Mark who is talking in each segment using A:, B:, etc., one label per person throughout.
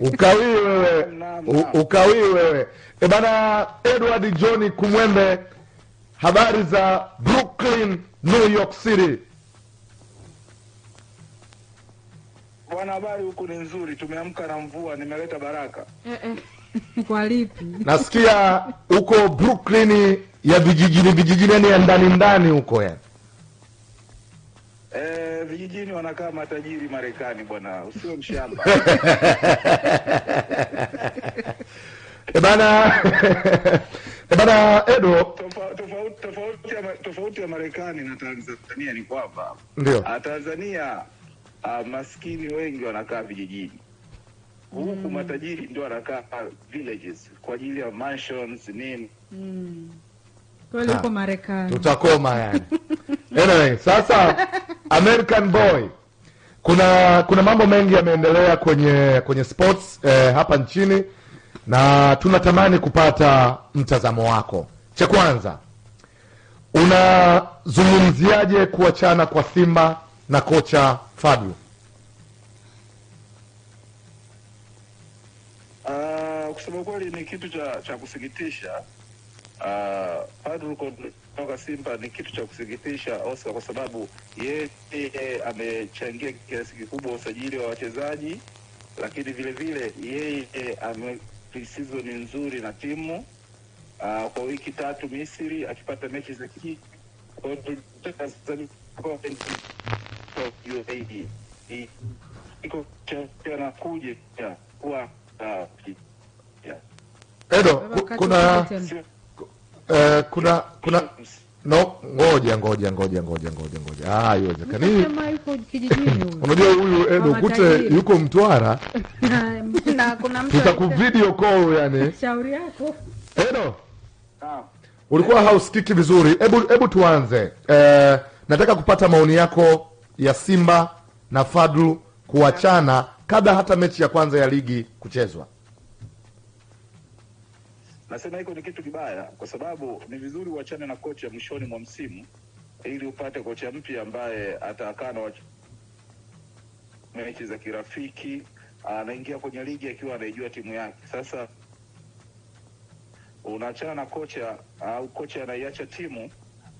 A: ukawii wewe, ukawii wewe. E bana, Edward John Kumwembe, habari za Brooklyn, New York City?
B: Bwana, habari huku ni nzuri, tumeamka na mvua, nimeleta baraka.
C: Eh, eh. Kwa lipi?
A: Nasikia huko Brooklyn ya vijijini vijijini, yani ya ndani ndani huko yani.
B: Eh, vijijini wanakaa matajiri Marekani bwana, usiwe mshamba
A: e bana e bana Edo,
B: tofauti ya Marekani na Tanzania ni kwamba ndio ah, Tanzania uh, maskini wengi wanakaa vijijini huku mm. matajiri ndio wanakaa villages kwa ajili ya mansions nini mm.
C: kweli Marekani
A: tutakoma yani anyway, sasa American boy, kuna kuna mambo mengi yameendelea kwenye kwenye sports eh, hapa nchini na tunatamani kupata mtazamo wako. Cha kwanza, unazungumziaje kuachana kwa Simba na kocha Fadlu?
B: Uh, ah, kusema kweli ni kitu cha, cha kusikitisha uh, ambayo tulikotoka Simba ni kitu cha kusikitisha Oscar, kwa sababu yeye amechangia kiasi kikubwa usajili wa wachezaji, lakini vile vile yeye ame season nzuri na timu uh, kwa wiki tatu Misri akipata mechi za ki e. nakuje ah,
A: kuna eh, kuna kuna no, ngoja ngoja ngoja ngoja ngoja ngoja, Ah, haiwezekani. Unajua huyu Edo eh, Kute yuko Mtwara Na kuna mtu video call yani.
C: Shauri yako
A: Edo, Ah. ulikuwa hausikiki vizuri. Hebu hebu tuanze eh, nataka kupata maoni yako ya Simba na Fadlu kuachana kabla hata mechi ya kwanza ya ligi kuchezwa.
B: Nasema hiko ni kitu kibaya, kwa sababu ni vizuri uachane na kocha mwishoni mwa msimu ili upate kocha mpya ambaye atakaa na mechi za kirafiki. Anaingia kwenye ligi akiwa anaijua timu yake. Sasa unaachana na kocha ah, au kocha anaiacha timu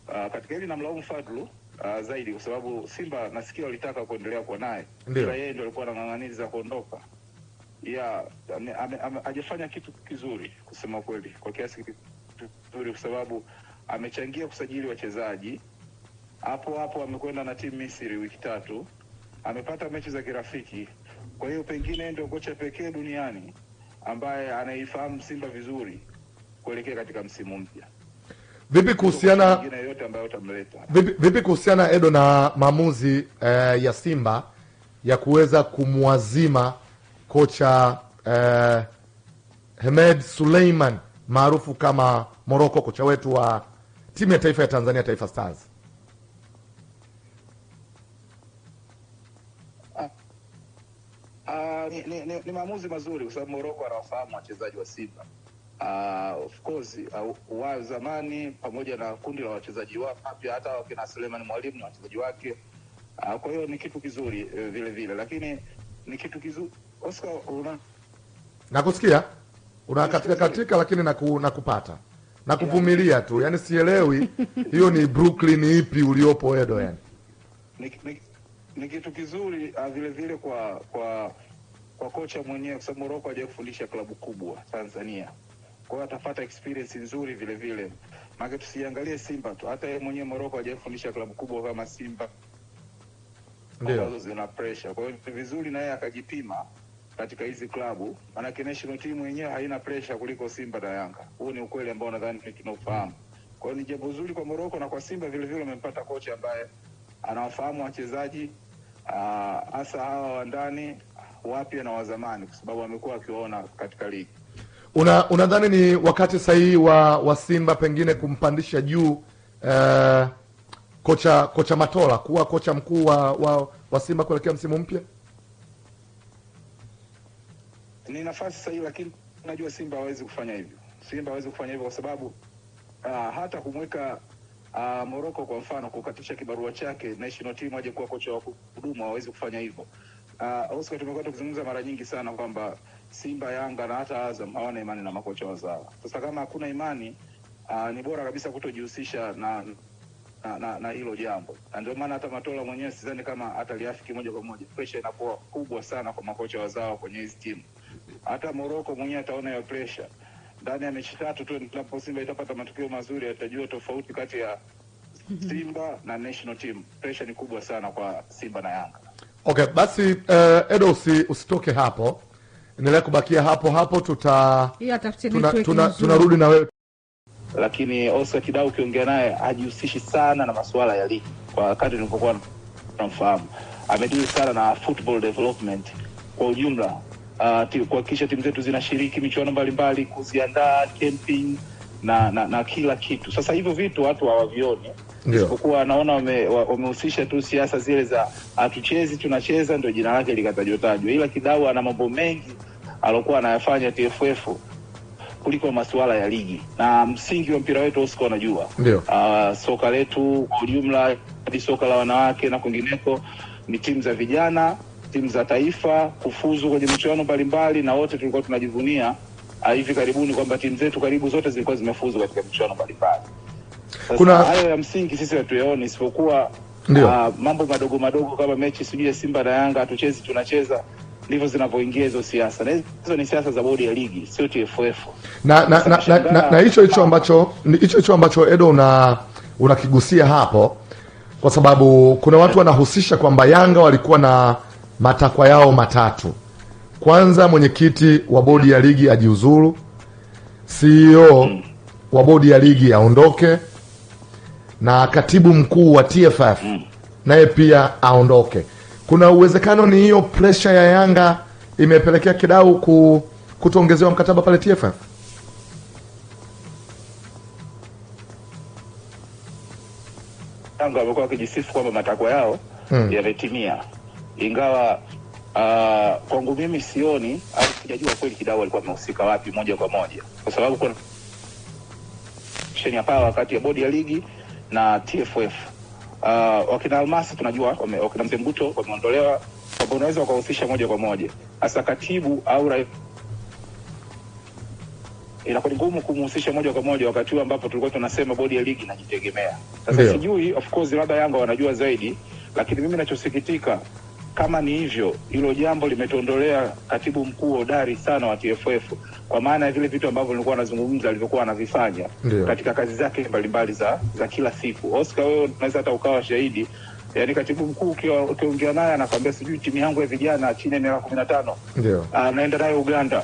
B: aa, ah, katika hili namlaumu Fadlu aa, ah, zaidi kwa sababu Simba nasikia walitaka kuendelea kuwa naye, ila yeye ndio alikuwa za kuondoka ya hajafanya kitu kizuri kusema kweli, kwa kiasi kizuri, kwa sababu amechangia kusajili wachezaji. Hapo hapo amekwenda na timu Misri wiki tatu, amepata mechi za kirafiki. Kwa hiyo pengine ndio kocha pekee duniani ambaye anaifahamu Simba vizuri kuelekea katika msimu mpya.
A: Vipi kuhusiana vipi, vipi kuhusiana Edo na maamuzi eh, ya Simba ya kuweza kumwazima kocha eh, Hemed Suleiman maarufu kama Moroko, kocha wetu wa timu ya taifa ya Tanzania, Taifa Stars.
B: Uh, ni, ni, ni, ni maamuzi mazuri kwa sababu Moroko anawafahamu wachezaji wa Simba uh, of course uh, wa zamani pamoja na kundi la wachezaji wapya hata wakina Suleiman Mwalimu na wachezaji wake uh, kwa hiyo ni kitu kizuri uh, vile vile, lakini ni kitu kizuri Oscar, una
A: nakusikia una katika katika, lakini naku, nakupata nakuvumilia tu, yani sielewi hiyo ni Brooklyn ipi uliopo Edo? Yani
B: ni kitu kizuri ah, vile vile kwa kwa kwa kocha mwenyewe, kwa sababu Morocco hajafundisha klabu kubwa Tanzania, kwa hiyo atapata experience nzuri vile vile, maana tusiangalie Simba tu, hata yeye mwenyewe Morocco hajafundisha klabu kubwa kama Simba ndio zina pressure. Kwa hiyo vizuri na yeye akajipima katika hizi klabu, maanake national team yenyewe haina presha kuliko Simba na Yanga. Huu ni ukweli ambao nadhani tunaufahamu. Kwa hiyo ni jambo zuri kwa Moroko na kwa Simba vilevile, amempata kocha ambaye anawafahamu wachezaji ah, hasa hawa wa ndani wapya na wazamani, kwa sababu amekuwa akiwaona katika ligi.
A: Una, unadhani ni wakati sahihi wa, wa Simba pengine kumpandisha juu eh, kocha kocha Matola kuwa kocha mkuu wa, wa, wa Simba kuelekea msimu mpya?
B: ni nafasi sahihi, lakini najua Simba hawezi kufanya hivyo. Simba hawezi kufanya hivyo kwa sababu uh, hata kumweka uh, ah, Moroko kwa mfano kukatisha kibarua chake national team aje kuwa kocha wa kudumu, hawezi kufanya hivyo. Uh, Oscar, tumekuwa tukizungumza mara nyingi sana kwamba Simba, Yanga na hata Azam hawana imani na makocha wazawa. Sasa kama hakuna imani uh, ni bora kabisa kutojihusisha na na, na, na hilo jambo, na ndio maana hata Matola mwenyewe sidhani kama ataliafiki moja kwa moja. Presha inakuwa kubwa sana kwa makocha wazawa kwenye hizi timu hata Moroko mwenyewe ataona hiyo presha Ndani ya mechi tatu tu ndipo Simba itapata matokeo mazuri, atajua tofauti kati ya Simba na national team. Presha ni kubwa sana kwa Simba na Yanga.
A: Okay, basi uh, Edo usi, usitoke hapo, endelea kubakia hapo hapo, tuta tunarudi tuna, tuna na wewe
B: lakini Oscar Kidau ukiongea naye ajihusishi sana na masuala ya ligi kwa wakati nilipokuwa namfahamu, amedili sana na football development kwa ujumla uh, kuhakikisha timu zetu zinashiriki michuano mbalimbali, kuziandaa camping na, na na kila kitu. Sasa hivyo vitu watu hawavioni, isipokuwa naona wamehusisha wame tu siasa zile za hatuchezi tunacheza, ndio jina lake likatajotajwa, ila Kidau ana mambo mengi alokuwa anayafanya TFF kuliko masuala ya ligi na msingi wa mpira wetu usiku, anajua. Uh, soka letu kwa ujumla hadi soka la wanawake na kwingineko ni timu za vijana timu za taifa kufuzu kwenye michuano mbalimbali, na wote tulikuwa tunajivunia ah, hivi karibuni kwamba timu zetu karibu zote zilikuwa zimefuzu katika michuano mbalimbali. Kuna hayo ya msingi sisi hatuyaoni isipokuwa uh, mambo madogo madogo kama mechi sijui ya Simba na Yanga hatuchezi tunacheza ndivyo zinavyoingia hizo siasa, na hizo ni siasa za bodi ya ligi, sio TFF.
A: Na na na, na hicho hicho ambacho hicho hicho ambacho Edo una unakigusia hapo, kwa sababu kuna watu wanahusisha kwamba Yanga walikuwa na matakwa yao matatu. Kwanza, mwenyekiti wa bodi ya ligi ajiuzuru, CEO wa bodi ya ligi aondoke, na katibu mkuu wa TFF mm. naye pia aondoke. Kuna uwezekano ni hiyo presha ya Yanga imepelekea Kidau ku, kutongezewa mkataba pale TFF.
B: Yanga wamekuwa wakijisifu kwamba matakwa yao mm. yametimia ingawa uh, kwangu mimi sioni au sijajua kweli Kidau alikuwa amehusika wapi moja kwa moja, kwa sababu kuna ya pawa kati ya bodi ya ligi na TFF. Uh, ah, wakina Almasi tunajua wame, wakina Mzembuto wameondolewa, kwamba unaweza wakahusisha moja kwa moja, hasa katibu au rais inakuwa ni ngumu kumhusisha moja kwa moja wakati huo ambapo tulikuwa tunasema bodi ya ligi inajitegemea. Sasa sijui, of course, labda Yanga wanajua zaidi, lakini mimi ninachosikitika kama ni hivyo, hilo jambo limetuondolea katibu mkuu hodari sana wa TFF, kwa maana ya vile vitu ambavyo nilikuwa nazungumza alivyokuwa anavifanya katika kazi zake mbalimbali za, za kila siku. Oscar, wewe unaweza hata ukawa shahidi Yaani katibu mkuu ukiongea naye anakwambia sijui timu yangu ya vijana chini ya miaka kumi na tano anaenda ah, naye Uganda.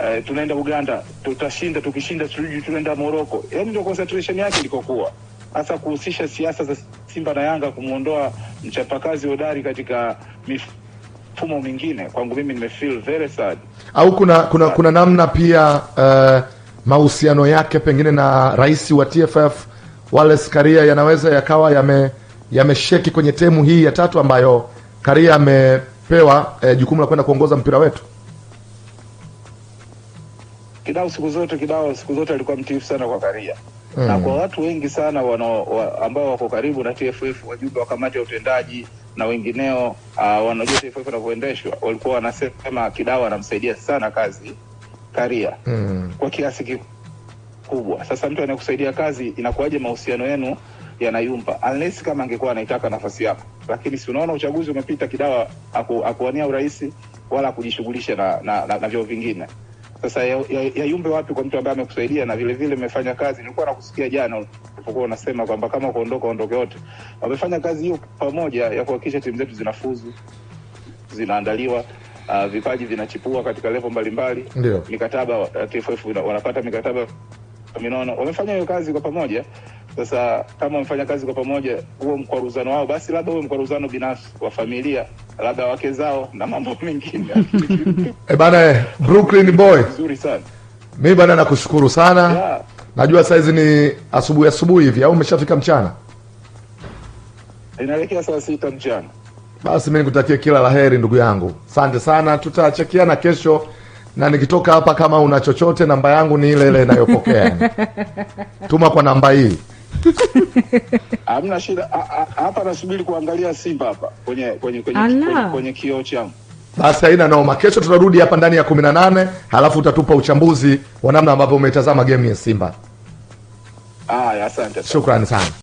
B: Uh, tunaenda Uganda tutashinda, tukishinda tunaenda Moroko. Yani ndio concentration yake ilikokuwa hasa kuhusisha siasa za Simba na Yanga kumwondoa mchapakazi hodari katika mifumo mingine, kwangu mimi nime feel very sad.
A: Au kuna kuna kuna namna pia uh, mahusiano yake pengine na rais wa TFF Wallace Karia yanaweza yakawa yame yamesheki kwenye temu hii ya tatu ambayo Karia amepewa eh, jukumu la kwenda kuongoza mpira wetu.
B: Kidao siku zote, Kidao siku zote alikuwa mtiifu sana kwa Karia mm. na kwa watu wengi sana wana, wa, ambao wako karibu na TFF, wajumbe wa kamati ya utendaji na wengineo uh, wanajua TFF wanavyoendeshwa, walikuwa wanasema Kidawa anamsaidia sana kazi Karia mm. kwa kiasi kikubwa. Sasa mtu anayekusaidia kazi, inakuwaje mahusiano yenu yanayumba unless kama angekuwa anaitaka nafasi yako, lakini si unaona uchaguzi umepita, Kidawa akuwania aku urais wala kujishughulisha na, na, na, na vingine. Sasa yayumbe ya, ya wapi kwa mtu ambaye amekusaidia na vile vile mmefanya kazi. Nilikuwa nakusikia jana ulipokuwa unasema kwamba kama kuondoka ondoke wote. Wamefanya kazi hiyo pamoja ya kuhakikisha timu zetu zinafuzu, zinaandaliwa Uh, vipaji vinachipua katika levo mbalimbali, mikataba uh, ah, TFF wanapata mikataba minono. Wamefanya hiyo kazi kwa pamoja. Sasa kama wamefanya kazi kwa pamoja, huo mkwaruzano wao, basi labda huo mkwaruzano binafsi wa familia labda wake zao na mambo mengine
A: eh, bana, eh, Brooklyn boy, nzuri sana mimi bana, nakushukuru sana yeah. Najua hizi ni asubuhi asubuhi hivi au umeshafika mchana?
B: Inaelekea saa sita mchana.
A: Basi mimi nikutakie kila la heri ndugu yangu, asante sana, tutachekiana kesho na nikitoka hapa, kama una chochote, namba yangu ni ile ile inayopokea tuma kwa namba hii.
B: hamna shida hapa, nasubiri kuangalia Simba hapa kwenye kwenye kwenye, kwenye, kwenye kwenye kioo changu.
A: Basi haina noma, kesho tutarudi hapa ndani ya kumi na nane halafu utatupa uchambuzi wa namna ambavyo umetazama game ya Simba.
B: Ah, asante, sana.
A: shukrani sana.